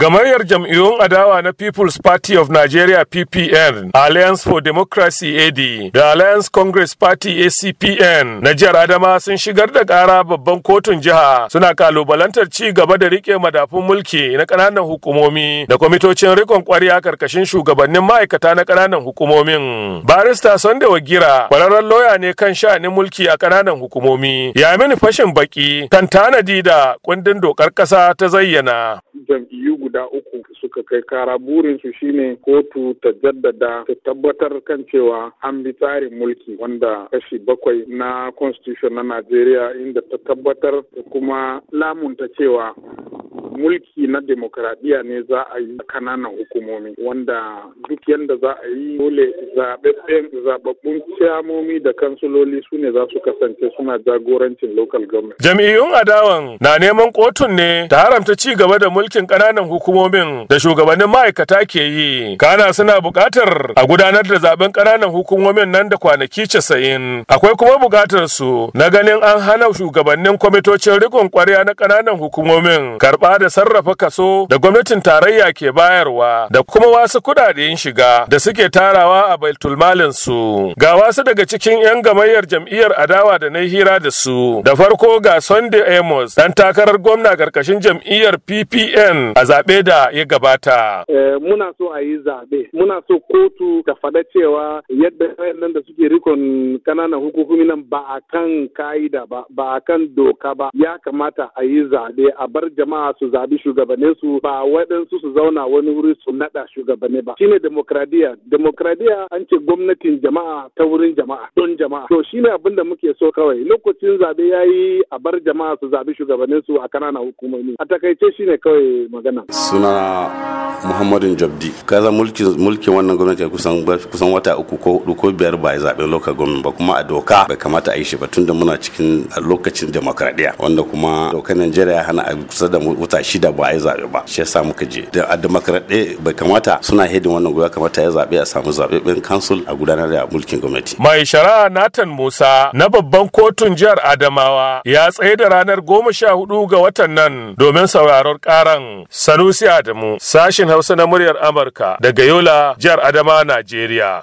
Gamayyar jam'iyyun adawa na People's Party of Nigeria PPN, Alliance for Democracy AD da Alliance Congress Party ACPN na jihar Adama sun shigar da ƙara babban kotun jiha suna kalubalantar ci gaba da riƙe madafun mulki na ƙananan hukumomi da kwamitocin rikon ƙwarya karkashin shugabannin ma'aikata na ƙananan hukumomin. Barista Sonde Wagira, kwararren loya ne kan sha'anin mulki a ƙananan hukumomi, ya mini fashin baki kan tanadi da kundin dokar ƙasa ta zayyana. jam'iyyu guda uku suka kai kara burin burinsu shine kotu ta jaddada ta tabbatar kan cewa an bi tsarin mulki wanda kashi bakwai na constitution na Najeriya inda ta tabbatar da kuma lamunta cewa mulki na demokradiyya ne za a yi a kananan hukumomi wanda duk yadda za a yi dole zaɓaɓɓun ciyamomi da kansuloli su ne za su kasance suna jagorancin local government. Jami'un adawan na neman kotun ne ta haramta ci gaba da mulkin kananan hukumomin da shugabannin ma'aikata ke yi. Kana suna buƙatar a gudanar da zaben kananan hukumomin nan da kwanaki casa'in. Akwai kuma buƙatar su na ganin an hana shugabannin kwamitocin riƙon kwarya na kananan hukumomin karɓa da sarrafa kaso da gwamnatin tarayya ke bayarwa da kuma wasu kudaden shiga da suke tarawa a malin su ga wasu daga cikin 'yan gamayyar jam'iyyar adawa da na hira da su da farko ga sunday amos dan takarar gwamna karkashin jam'iyyar ppn a zaɓe da ya gabata eh, muna so a yi zaɓe muna so kotu ta faɗa cewa yadda wayannan da suke rikon kananan hukumomi nan ba a kan ka'ida ba ba a kan doka ba ya kamata a yi zaɓe a bar jama'a su zaɓi shugaba shugabannin su ba waɗansu su zauna wani wuri su naɗa shugabanni ba shine demokradiya demokradiya an ce gwamnatin jama'a ta wurin jama'a don jama'a to shine abin da muke so kawai lokacin zabe yayi a bar jama'a su zabi shugabannin su a kananan hukumomi a takaice shine kawai magana suna muhammadu jabdi kaza mulkin wannan gwamnati kusan kusan wata uku ko hudu ko biyar ba zaɓen lokacin gwamnati ba kuma a doka bai kamata a yi shi ba tunda muna cikin lokacin demokradiya wanda kuma dokar najeriya hana a kusa da wuta shida ba a yi zaɓe ba shi yasa muka je da a demokradiya bai kamata suna hedin wannan gwamnati kamata ya zaɓe a samu zaɓeɓɓen kansul a gudanar da mulkin gwamnati. mai shari'a natan musa na babban kotun jihar adamawa ya tsaye da ranar goma sha hudu ga watan nan domin sauraron karan sanusi adamu sashin Hausa na muryar Amurka daga Yola, jihar Adama, Najeriya.